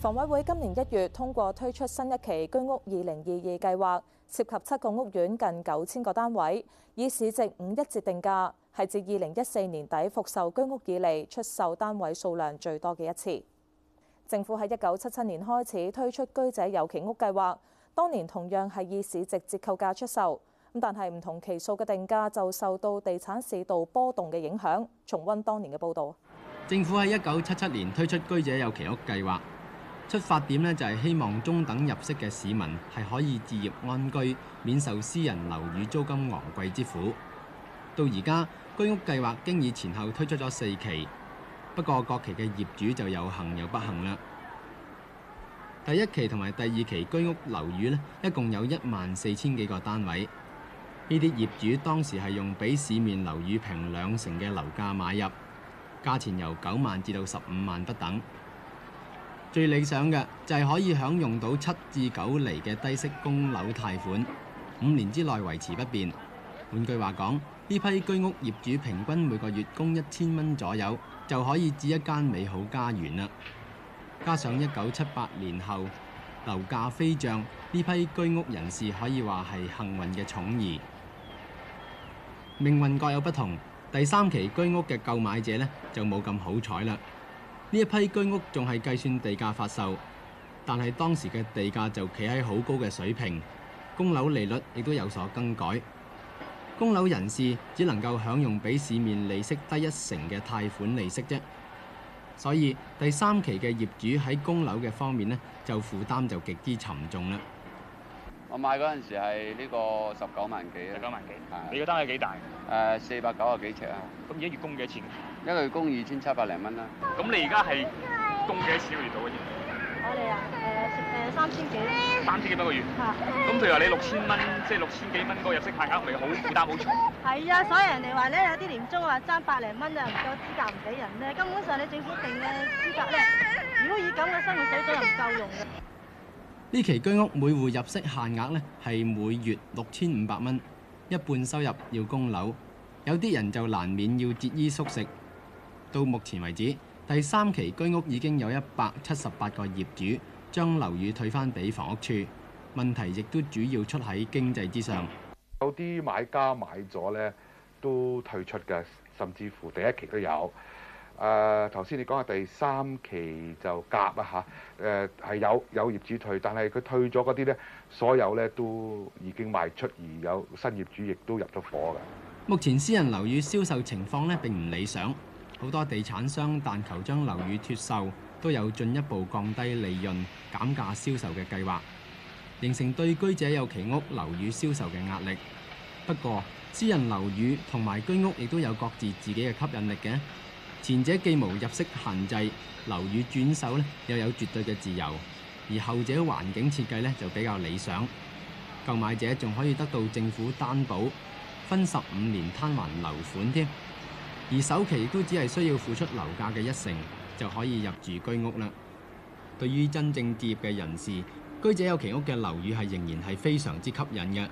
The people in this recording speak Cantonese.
房委會今年一月通過推出新一期居屋二零二二計劃，涉及七個屋苑近九千個單位，以市值五一折定價，係自二零一四年底復售居屋以嚟出售單位數量最多嘅一次。政府喺一九七七年開始推出居者有其屋計劃，當年同樣係以市值折扣價出售，咁但係唔同期數嘅定價就受到地產市道波動嘅影響。重溫當年嘅報道。政府喺一九七七年推出居者有其屋計劃。出發點呢，就係希望中等入息嘅市民係可以置業安居，免受私人樓宇租金昂貴之苦。到而家居屋計劃經已前後推出咗四期，不過各期嘅業主就有幸有不幸啦。第一期同埋第二期居屋樓宇呢，一共有一萬四千幾個單位。呢啲業主當時係用比市面樓宇平兩成嘅樓價買入，價錢由九萬至到十五萬不等。最理想嘅就係可以享用到七至九厘嘅低息供樓貸款，五年之內維持不變。換句話講，呢批居屋業主平均每個月供一千蚊左右，就可以置一間美好家園啦。加上一九七八年後樓價飛漲，呢批居屋人士可以話係幸運嘅寵兒。命運各有不同，第三期居屋嘅購買者呢，就冇咁好彩啦。呢一批居屋仲係計算地價發售，但係當時嘅地價就企喺好高嘅水平，供樓利率亦都有所更改。供樓人士只能夠享用比市面利息低一成嘅貸款利息啫，所以第三期嘅業主喺供樓嘅方面呢，就負擔就極之沉重啦。我買嗰陣時係呢個十九萬幾啊，十九萬幾。你個單位係幾大？誒，四百九啊幾呎啊。咁而家月供幾多錢？一個月供二千七百零蚊啦，咁你而家係供幾多錢一個月到嘅？我哋啊誒誒三千幾，三千幾多一個月。嚇、啊，咁譬如話你六千蚊，即係六千幾蚊嗰入息限額，咪好負擔好重。係啊，所以人哋話咧，有啲年終話爭百零蚊啊，唔夠資格唔俾人咧。根本上你政府定嘅資格咧，如果以咁嘅生活水準又唔夠用嘅。呢期居屋每戶入息限額咧係每月六千五百蚊，一半收入要供樓，有啲人就難免要節衣縮食。到目前為止，第三期居屋已經有一百七十八個業主將樓宇退返畀房屋處。問題亦都主要出喺經濟之上。有啲買家買咗呢都退出嘅，甚至乎第一期都有。誒，頭先你講下第三期就夾啊嚇誒，係有有業主退，但係佢退咗嗰啲呢，所有呢都已經賣出，而有新業主亦都入咗伙嘅。目前私人樓宇銷售情況呢並唔理想。好多地產商但求將樓宇脱售，都有進一步降低利潤、減價銷售嘅計劃，形成對居者有其屋樓宇銷售嘅壓力。不過，私人樓宇同埋居屋亦都有各自自己嘅吸引力嘅。前者既無入息限制，樓宇轉手呢又有絕對嘅自由；而後者的環境設計呢就比較理想，購買者仲可以得到政府擔保，分十五年攤還樓款添。而首期都只係需要付出樓價嘅一成就可以入住居屋啦。對於真正置業嘅人士，居者有其屋嘅樓宇係仍然係非常之吸引嘅。